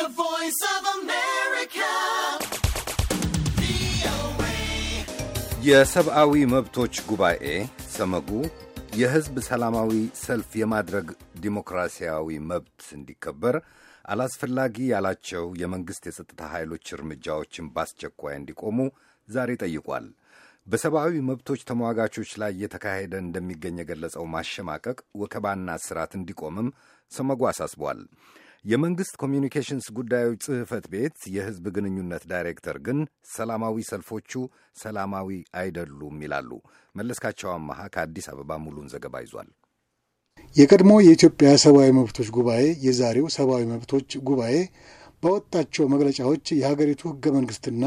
The Voice of America. የሰብአዊ መብቶች ጉባኤ ሰመጉ የሕዝብ ሰላማዊ ሰልፍ የማድረግ ዲሞክራሲያዊ መብት እንዲከበር አላስፈላጊ ያላቸው የመንግሥት የጸጥታ ኃይሎች እርምጃዎችን በአስቸኳይ እንዲቆሙ ዛሬ ጠይቋል። በሰብአዊ መብቶች ተሟጋቾች ላይ እየተካሄደ እንደሚገኝ የገለጸው ማሸማቀቅ፣ ወከባና እስራት እንዲቆምም ሰመጉ አሳስቧል። የመንግሥት ኮሚዩኒኬሽንስ ጉዳዮች ጽሕፈት ቤት የሕዝብ ግንኙነት ዳይሬክተር ግን ሰላማዊ ሰልፎቹ ሰላማዊ አይደሉም ይላሉ። መለስካቸው አመሃ ከአዲስ አበባ ሙሉን ዘገባ ይዟል። የቀድሞ የኢትዮጵያ ሰብአዊ መብቶች ጉባኤ የዛሬው ሰብአዊ መብቶች ጉባኤ ባወጣቸው መግለጫዎች የሀገሪቱ ሕገ መንግሥትና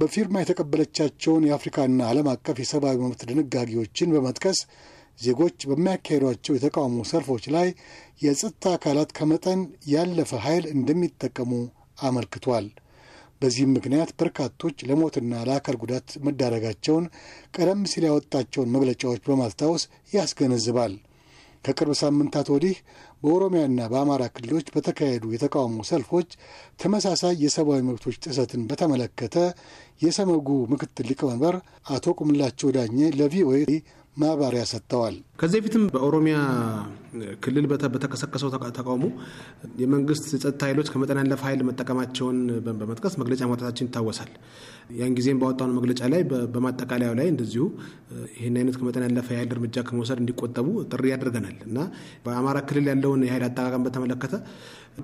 በፊርማ የተቀበለቻቸውን የአፍሪካና ዓለም አቀፍ የሰብአዊ መብት ድንጋጌዎችን በመጥቀስ ዜጎች በሚያካሄዷቸው የተቃውሞ ሰልፎች ላይ የጸጥታ አካላት ከመጠን ያለፈ ኃይል እንደሚጠቀሙ አመልክቷል። በዚህም ምክንያት በርካቶች ለሞትና ለአካል ጉዳት መዳረጋቸውን ቀደም ሲል ያወጣቸውን መግለጫዎች በማስታወስ ያስገነዝባል። ከቅርብ ሳምንታት ወዲህ በኦሮሚያና በአማራ ክልሎች በተካሄዱ የተቃውሞ ሰልፎች ተመሳሳይ የሰብአዊ መብቶች ጥሰትን በተመለከተ የሰመጉ ምክትል ሊቀመንበር አቶ ቁምላቸው ዳኜ ለቪኦኤ ማብራሪያ ሰጥተዋል። ከዚህ በፊትም በኦሮሚያ ክልል በተቀሰቀሰው ተቃውሞ የመንግስት የጸጥታ ኃይሎች ከመጠን ያለፈ ኃይል መጠቀማቸውን በመጥቀስ መግለጫ ማውጣታችን ይታወሳል። ያን ጊዜም ባወጣነው መግለጫ ላይ በማጠቃለያው ላይ እንደዚሁ ይህን አይነት ከመጠን ያለፈ የኃይል እርምጃ ከመውሰድ እንዲቆጠቡ ጥሪ ያደርገናል እና በአማራ ክልል ያለውን የኃይል አጠቃቀም በተመለከተ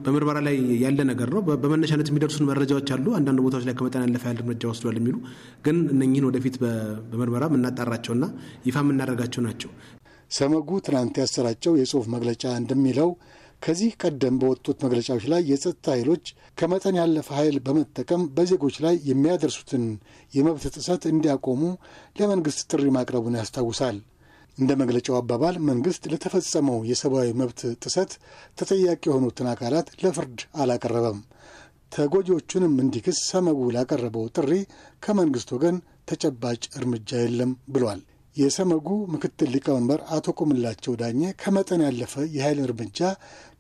በምርመራ ላይ ያለ ነገር ነው። በመነሻነት የሚደርሱን መረጃዎች አሉ። አንዳንድ ቦታዎች ላይ ከመጠን ያለፈ ያህል እርምጃ ወስዷል የሚሉ ግን እነኝህን ወደፊት በምርመራ የምናጣራቸውና ይፋ የምናደርጋቸው ናቸው። ሰመጉ ትናንት ያሰራጨው የጽሑፍ መግለጫ እንደሚለው ከዚህ ቀደም በወጡት መግለጫዎች ላይ የጸጥታ ኃይሎች ከመጠን ያለፈ ኃይል በመጠቀም በዜጎች ላይ የሚያደርሱትን የመብት ጥሰት እንዲያቆሙ ለመንግሥት ጥሪ ማቅረቡን ያስታውሳል። እንደ መግለጫው አባባል መንግስት ለተፈጸመው የሰብአዊ መብት ጥሰት ተጠያቂ የሆኑትን አካላት ለፍርድ አላቀረበም። ተጎጂዎቹንም እንዲክስ ሰመጉ ላቀረበው ጥሪ ከመንግስት ወገን ተጨባጭ እርምጃ የለም ብሏል። የሰመጉ ምክትል ሊቀመንበር አቶ ቁምላቸው ዳኘ ከመጠን ያለፈ የኃይልን እርምጃ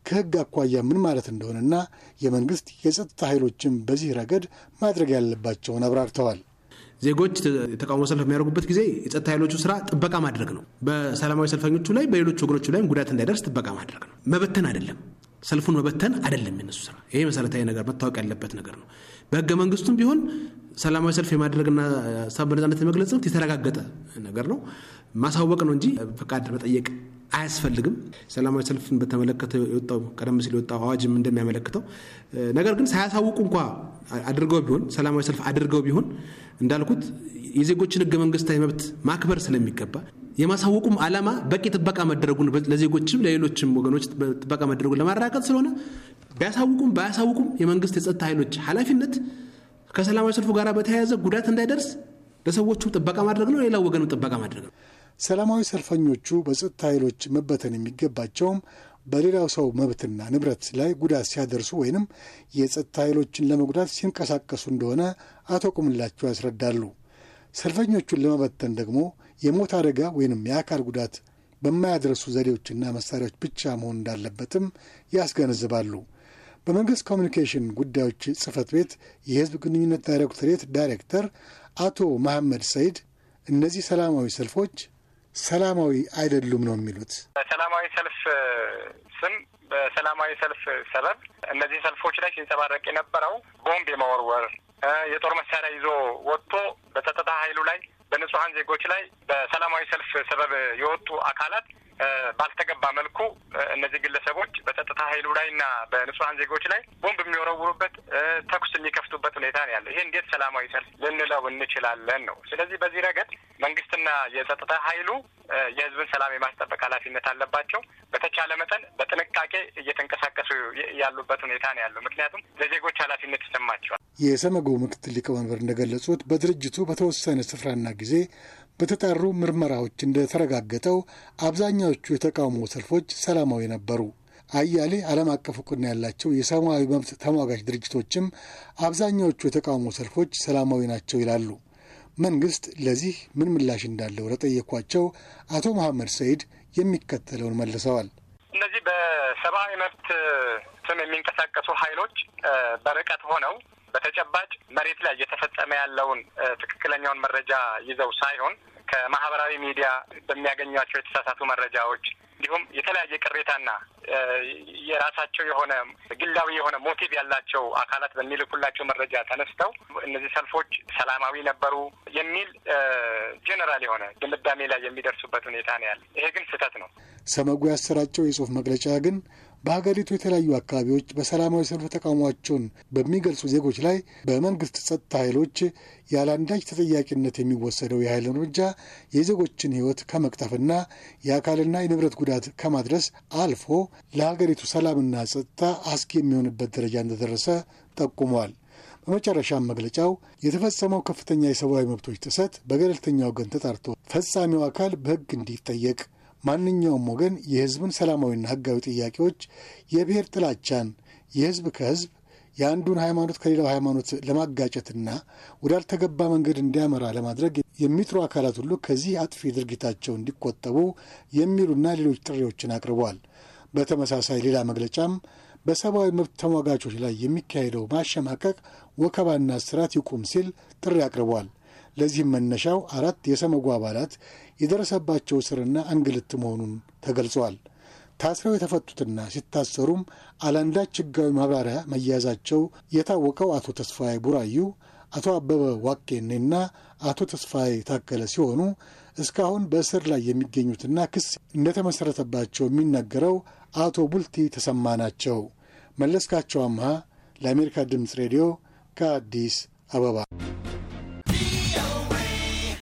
ከህግ አኳያ ምን ማለት እንደሆነና የመንግስት የጸጥታ ኃይሎችን በዚህ ረገድ ማድረግ ያለባቸውን አብራርተዋል። ዜጎች የተቃውሞ ሰልፍ በሚያደርጉበት ጊዜ የጸጥታ ኃይሎቹ ስራ ጥበቃ ማድረግ ነው። በሰላማዊ ሰልፈኞቹ ላይ በሌሎች ወገኖቹ ላይም ጉዳት እንዳይደርስ ጥበቃ ማድረግ ነው። መበተን አይደለም፣ ሰልፉን መበተን አይደለም የነሱ ስራ። ይሄ መሰረታዊ ነገር መታወቅ ያለበት ነገር ነው። በህገ መንግስቱም ቢሆን ሰላማዊ ሰልፍ የማድረግና ሀሳብ የመግለጽ የተረጋገጠ ነገር ነው። ማሳወቅ ነው እንጂ ፈቃድ መጠየቅ አያስፈልግም። ሰላማዊ ሰልፍን በተመለከተ የወጣው ቀደም ሲል የወጣው አዋጅም እንደሚያመለክተው ነገር ግን ሳያሳውቁ እንኳ አድርገው ቢሆን ሰላማዊ ሰልፍ አድርገው ቢሆን እንዳልኩት የዜጎችን ህገ መንግስታዊ መብት ማክበር ስለሚገባ የማሳወቁም ዓላማ በቂ ጥበቃ መደረጉን ለዜጎችም ለሌሎችም ወገኖች ጥበቃ መደረጉን ለማረጋገጥ ስለሆነ ቢያሳውቁም ባያሳውቁም የመንግስት የጸጥታ ኃይሎች ኃላፊነት ከሰላማዊ ሰልፉ ጋር በተያያዘ ጉዳት እንዳይደርስ ለሰዎቹ ጥበቃ ማድረግ ነው፣ ሌላው ወገንም ጥበቃ ማድረግ ነው። ሰላማዊ ሰልፈኞቹ በጸጥታ ኃይሎች መበተን የሚገባቸውም በሌላው ሰው መብትና ንብረት ላይ ጉዳት ሲያደርሱ ወይንም የጸጥታ ኃይሎችን ለመጉዳት ሲንቀሳቀሱ እንደሆነ አቶ ቁምላቸው ያስረዳሉ። ሰልፈኞቹን ለመበተን ደግሞ የሞት አደጋ ወይንም የአካል ጉዳት በማያደርሱ ዘዴዎችና መሳሪያዎች ብቻ መሆን እንዳለበትም ያስገነዝባሉ። በመንግስት ኮሚኒኬሽን ጉዳዮች ጽህፈት ቤት የህዝብ ግንኙነት ዳይሬክቶሬት ዳይሬክተር አቶ መሐመድ ሰይድ እነዚህ ሰላማዊ ሰልፎች ሰላማዊ አይደሉም ነው የሚሉት። በሰላማዊ ሰልፍ ስም በሰላማዊ ሰልፍ ሰበብ እነዚህ ሰልፎች ላይ ሲንጸባረቅ የነበረው ቦምብ የመወርወር የጦር መሳሪያ ይዞ ወጥቶ በጸጥታ ኃይሉ ላይ በንጹሀን ዜጎች ላይ በሰላማዊ ሰልፍ ሰበብ የወጡ አካላት ባልተገባ መልኩ እነዚህ ግለሰቦች ኃይሉ ላይ እና በንጹሀን ዜጎች ላይ ቦምብ የሚወረውሩበት ተኩስ የሚከፍቱበት ሁኔታ ነው ያለ። ይሄ እንዴት ሰላማዊ ሰልፍ ልንለው እንችላለን ነው። ስለዚህ በዚህ ረገድ መንግስትና የጸጥታ ኃይሉ የህዝብን ሰላም የማስጠበቅ ኃላፊነት አለባቸው። በተቻለ መጠን በጥንቃቄ እየተንቀሳቀሱ ያሉበት ሁኔታ ነው ያለው። ምክንያቱም ለዜጎች ኃላፊነት ይሰማቸዋል። የሰመጉ ምክትል ሊቀመንበር እንደገለጹት በድርጅቱ በተወሰነ ስፍራና ጊዜ በተጣሩ ምርመራዎች እንደተረጋገጠው አብዛኛዎቹ የተቃውሞ ሰልፎች ሰላማዊ ነበሩ። አያሌ ዓለም አቀፍ እውቅና ያላቸው የሰብአዊ መብት ተሟጋች ድርጅቶችም አብዛኛዎቹ የተቃውሞ ሰልፎች ሰላማዊ ናቸው ይላሉ። መንግስት ለዚህ ምን ምላሽ እንዳለው ለጠየኳቸው አቶ መሐመድ ሰይድ የሚከተለውን መልሰዋል። እነዚህ በሰብአዊ መብት ስም የሚንቀሳቀሱ ኃይሎች በርቀት ሆነው በተጨባጭ መሬት ላይ እየተፈጸመ ያለውን ትክክለኛውን መረጃ ይዘው ሳይሆን ከማህበራዊ ሚዲያ በሚያገኟቸው የተሳሳቱ መረጃዎች እንዲሁም የተለያየ ቅሬታና የራሳቸው የሆነ ግላዊ የሆነ ሞቲቭ ያላቸው አካላት በሚልኩላቸው መረጃ ተነስተው እነዚህ ሰልፎች ሰላማዊ ነበሩ የሚል ጀነራል የሆነ ድምዳሜ ላይ የሚደርሱበት ሁኔታ ነው ያለ። ይሄ ግን ስህተት ነው። ሰመጉ ያሰራጨው የጽሁፍ መግለጫ ግን በሀገሪቱ የተለያዩ አካባቢዎች በሰላማዊ ሰልፍ ተቃውሟቸውን በሚገልጹ ዜጎች ላይ በመንግስት ጸጥታ ኃይሎች ያለአንዳች ተጠያቂነት የሚወሰደው የኃይል እርምጃ የዜጎችን ህይወት ከመቅጠፍና የአካልና የንብረት ጉዳት ከማድረስ አልፎ ለሀገሪቱ ሰላምና ጸጥታ አስጊ የሚሆንበት ደረጃ እንደደረሰ ጠቁሟል። በመጨረሻም መግለጫው የተፈጸመው ከፍተኛ የሰብአዊ መብቶች ጥሰት በገለልተኛ ወገን ተጣርቶ ፈጻሚው አካል በህግ እንዲጠየቅ ማንኛውም ወገን የህዝብን ሰላማዊና ህጋዊ ጥያቄዎች፣ የብሔር ጥላቻን፣ የህዝብ ከህዝብ የአንዱን ሃይማኖት ከሌላው ሃይማኖት ለማጋጨትና ወዳልተገባ መንገድ እንዲያመራ ለማድረግ የሚጥሩ አካላት ሁሉ ከዚህ አጥፊ ድርጊታቸው እንዲቆጠቡ የሚሉና ሌሎች ጥሪዎችን አቅርበዋል። በተመሳሳይ ሌላ መግለጫም በሰብአዊ መብት ተሟጋቾች ላይ የሚካሄደው ማሸማቀቅ፣ ወከባና እስራት ይቁም ሲል ጥሪ አቅርቧል። ለዚህም መነሻው አራት የሰመጉ አባላት የደረሰባቸው እስርና እንግልት መሆኑን ተገልጿል። ታስረው የተፈቱትና ሲታሰሩም አላንዳች ችጋዊ ማብራሪያ መያዛቸው የታወቀው አቶ ተስፋዬ ቡራዩ፣ አቶ አበበ ዋቄኔና አቶ ተስፋዬ ታከለ ሲሆኑ እስካሁን በእስር ላይ የሚገኙትና ክስ እንደተመሠረተባቸው የሚነገረው አቶ ቡልቲ ተሰማ ናቸው። መለስካቸው አምሃ ለአሜሪካ ድምፅ ሬዲዮ ከአዲስ አበባ